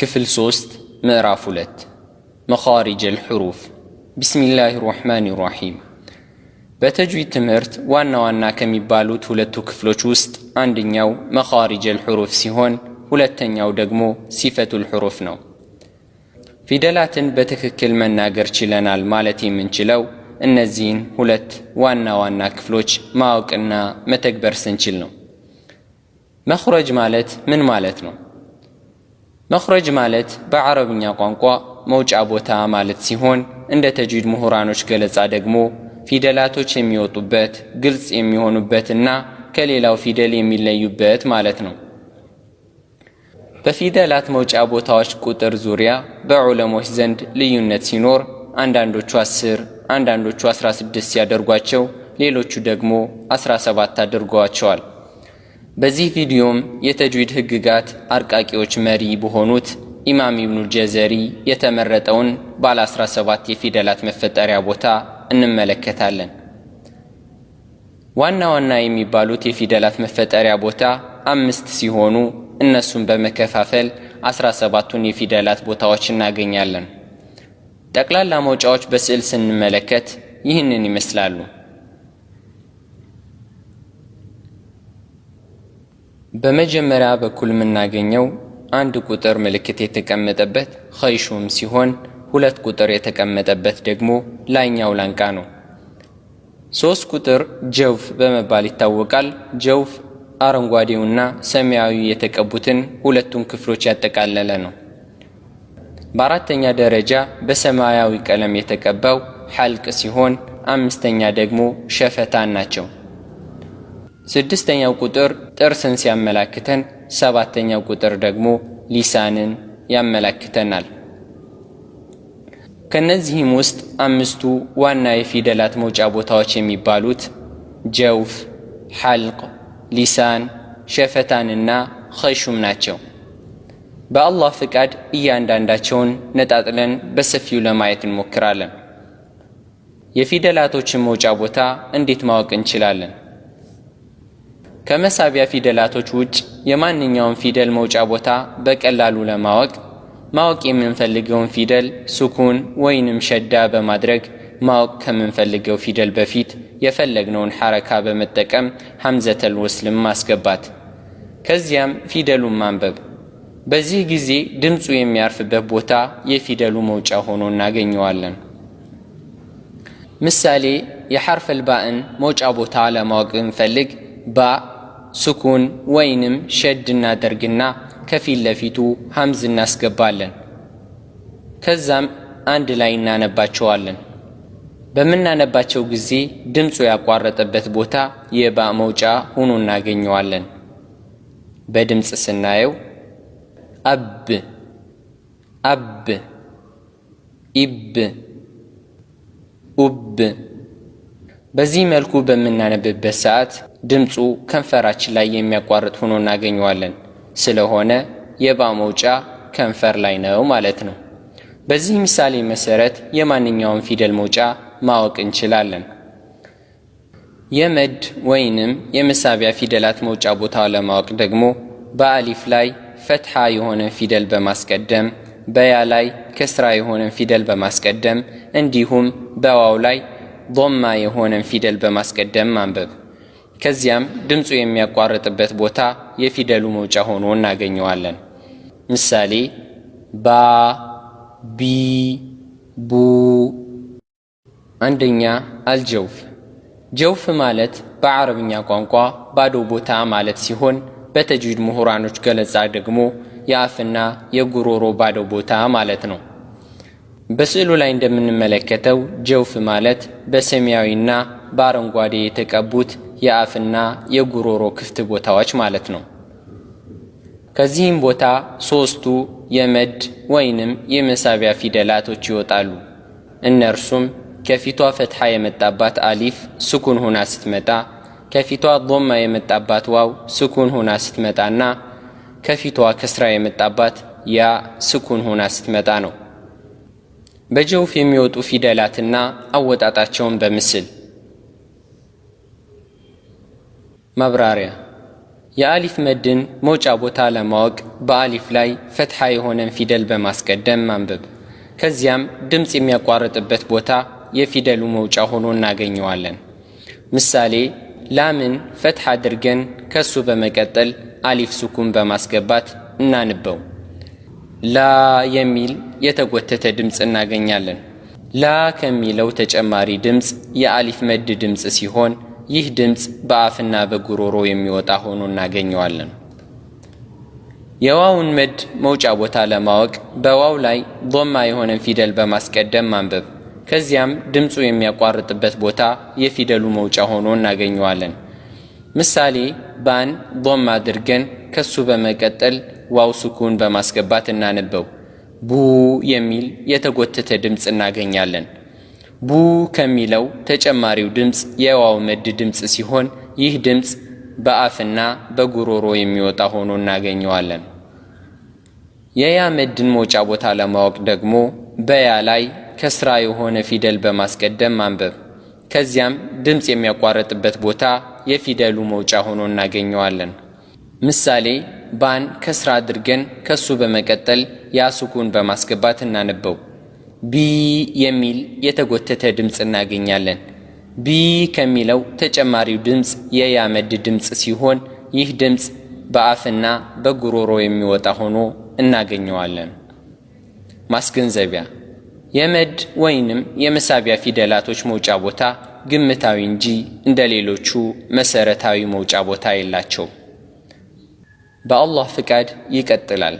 ክፍል 3 ምዕራፍ 2 መኻሪጅ አልሑሩፍ ቢስሚላህ ራሕማን ራሒም። በተጅዊድ ትምህርት ዋና ዋና ከሚባሉት ሁለቱ ክፍሎች ውስጥ አንደኛው መኻሪጅ አልሑሩፍ ሲሆን ሁለተኛው ደግሞ ሲፈቱ አልሑሩፍ ነው። ፊደላትን በትክክል መናገር ችለናል ማለት የምንችለው እነዚህን ሁለት ዋና ዋና ክፍሎች ማወቅና መተግበር ስንችል ነው። መኽረጅ ማለት ምን ማለት ነው? መኽረጅ ማለት በዓረብኛ ቋንቋ መውጫ ቦታ ማለት ሲሆን እንደ ተጅዊድ ምሁራኖች ገለጻ ደግሞ ፊደላቶች የሚወጡበት ግልጽ የሚሆኑበትና ከሌላው ፊደል የሚለዩበት ማለት ነው። በፊደላት መውጫ ቦታዎች ቁጥር ዙሪያ በዑለሞች ዘንድ ልዩነት ሲኖር አንዳንዶቹ 10 አንዳንዶቹ 16 ሲያደርጓቸው ሌሎቹ ደግሞ 17 አድርገዋቸዋል። በዚህ ቪዲዮም የተጅዊድ ህግጋት አርቃቂዎች መሪ በሆኑት ኢማም ኢብኑል ጀዘሪ የተመረጠውን ባለ 17 የፊደላት መፈጠሪያ ቦታ እንመለከታለን። ዋና ዋና የሚባሉት የፊደላት መፈጠሪያ ቦታ አምስት ሲሆኑ እነሱን በመከፋፈል 17ቱን የፊደላት ቦታዎች እናገኛለን። ጠቅላላ መውጫዎች በስዕል ስንመለከት ይህንን ይመስላሉ። በመጀመሪያ በኩል የምናገኘው አንድ ቁጥር ምልክት የተቀመጠበት ኸይሹም ሲሆን ሁለት ቁጥር የተቀመጠበት ደግሞ ላይኛው ላንቃ ነው። ሶስት ቁጥር ጀውፍ በመባል ይታወቃል። ጀውፍ አረንጓዴውና ሰማያዊ የተቀቡትን ሁለቱን ክፍሎች ያጠቃለለ ነው። በአራተኛ ደረጃ በሰማያዊ ቀለም የተቀባው ሐልቅ ሲሆን፣ አምስተኛ ደግሞ ሸፈታን ናቸው። ስድስተኛው ቁጥር ጥርስን ሲያመላክተን፣ ሰባተኛው ቁጥር ደግሞ ሊሳንን ያመላክተናል። ከነዚህም ውስጥ አምስቱ ዋና የፊደላት መውጫ ቦታዎች የሚባሉት ጀውፍ፣ ሐልቅ፣ ሊሳን፣ ሸፈታንና ኸሹም ናቸው። በአላህ ፍቃድ እያንዳንዳቸውን ነጣጥለን በሰፊው ለማየት እንሞክራለን። የፊደላቶችን መውጫ ቦታ እንዴት ማወቅ እንችላለን? ከመሳቢያ ፊደላቶች ውጭ የማንኛውን ፊደል መውጫ ቦታ በቀላሉ ለማወቅ ማወቅ የምንፈልገውን ፊደል ሱኩን ወይንም ሸዳ በማድረግ ማወቅ ከምንፈልገው ፊደል በፊት የፈለግነውን ሐረካ በመጠቀም ሐምዘተል ወስልም ማስገባት፣ ከዚያም ፊደሉን ማንበብ። በዚህ ጊዜ ድምፁ የሚያርፍበት ቦታ የፊደሉ መውጫ ሆኖ እናገኘዋለን። ምሳሌ የሐርፈል መውጫ ቦታ ለማወቅ ብንፈልግ ባ ስኩን ወይንም ሸድ እናደርግና ከፊት ለፊቱ ሀምዝ እናስገባለን። ከዛም አንድ ላይ እናነባቸዋለን። በምናነባቸው ጊዜ ድምፁ ያቋረጠበት ቦታ የባ መውጫ ሆኖ እናገኘዋለን። በድምፅ ስናየው አብ አብ ኢብ ኡብ በዚህ መልኩ በምናነብበት ሰዓት ድምፁ ከንፈራችን ላይ የሚያቋርጥ ሆኖ እናገኘዋለን። ስለሆነ የባ መውጫ ከንፈር ላይ ነው ማለት ነው። በዚህ ምሳሌ መሰረት የማንኛውም ፊደል መውጫ ማወቅ እንችላለን። የመድ ወይንም የመሳቢያ ፊደላት መውጫ ቦታ ለማወቅ ደግሞ በአሊፍ ላይ ፈትሐ የሆነ ፊደል በማስቀደም በያ ላይ ከስራ የሆነ ፊደል በማስቀደም እንዲሁም በዋው ላይ ዶማ የሆነን ፊደል በማስቀደም ማንበብ። ከዚያም ድምፁ የሚያቋርጥበት ቦታ የፊደሉ መውጫ ሆኖ እናገኘዋለን። ምሳሌ ባ፣ ቢ፣ ቡ። አንደኛ አልጀውፍ። ጀውፍ ማለት በአረብኛ ቋንቋ ባዶ ቦታ ማለት ሲሆን በተጅዊድ ምሁራኖች ገለጻ ደግሞ የአፍና የጉሮሮ ባዶ ቦታ ማለት ነው። በስዕሉ ላይ እንደምንመለከተው ጀውፍ ማለት በሰማያዊና በአረንጓዴ የተቀቡት የአፍና የጉሮሮ ክፍት ቦታዎች ማለት ነው። ከዚህም ቦታ ሶስቱ የመድ ወይንም የመሳቢያ ፊደላቶች ይወጣሉ። እነርሱም ከፊቷ ፈትሐ የመጣባት አሊፍ ስኩን ሆና ስትመጣ፣ ከፊቷ ዶማ የመጣባት ዋው ስኩን ሆና ስትመጣና ከፊቷ ከስራ የመጣባት ያ ስኩን ሆና ስትመጣ ነው። በጀውፍ የሚወጡ ፊደላትና አወጣጣቸውን በምስል ማብራሪያ የአሊፍ መድን መውጫ ቦታ ለማወቅ በአሊፍ ላይ ፈትሓ የሆነን ፊደል በማስቀደም ማንበብ። ከዚያም ድምፅ የሚያቋርጥበት ቦታ የፊደሉ መውጫ ሆኖ እናገኘዋለን። ምሳሌ ላምን ፈትሓ አድርገን ከሱ በመቀጠል አሊፍ ሱኩን በማስገባት እናንበው። ላ የሚል የተጎተተ ድምፅ እናገኛለን። ላ ከሚለው ተጨማሪ ድምፅ የአሊፍ መድ ድምፅ ሲሆን ይህ ድምፅ በአፍና በጉሮሮ የሚወጣ ሆኖ እናገኘዋለን። የዋውን መድ መውጫ ቦታ ለማወቅ በዋው ላይ ዶማ የሆነን ፊደል በማስቀደም ማንበብ፣ ከዚያም ድምፁ የሚያቋርጥበት ቦታ የፊደሉ መውጫ ሆኖ እናገኘዋለን። ምሳሌ ባን ዶማ አድርገን ከሱ በመቀጠል ዋው ሱኩን በማስገባት እናንበው። ቡ የሚል የተጎተተ ድምፅ እናገኛለን። ቡ ከሚለው ተጨማሪው ድምፅ የዋው መድ ድምፅ ሲሆን ይህ ድምፅ በአፍና በጉሮሮ የሚወጣ ሆኖ እናገኘዋለን። የያ መድን መውጫ ቦታ ለማወቅ ደግሞ በያ ላይ ከስራ የሆነ ፊደል በማስቀደም ማንበብ። ከዚያም ድምፅ የሚያቋረጥበት ቦታ የፊደሉ መውጫ ሆኖ እናገኘዋለን። ምሳሌ ባን ከስራ አድርገን ከሱ በመቀጠል ያሱኩን በማስገባት እናነበው። ቢ የሚል የተጎተተ ድምፅ እናገኛለን። ቢ ከሚለው ተጨማሪው ድምፅ የያመድ ድምፅ ሲሆን ይህ ድምፅ በአፍና በጉሮሮ የሚወጣ ሆኖ እናገኘዋለን። ማስገንዘቢያ የመድ ወይንም የመሳቢያ ፊደላቶች መውጫ ቦታ ግምታዊ እንጂ እንደ ሌሎቹ መሰረታዊ መውጫ ቦታ የላቸው። በአላህ ፍቃድ ይቀጥላል።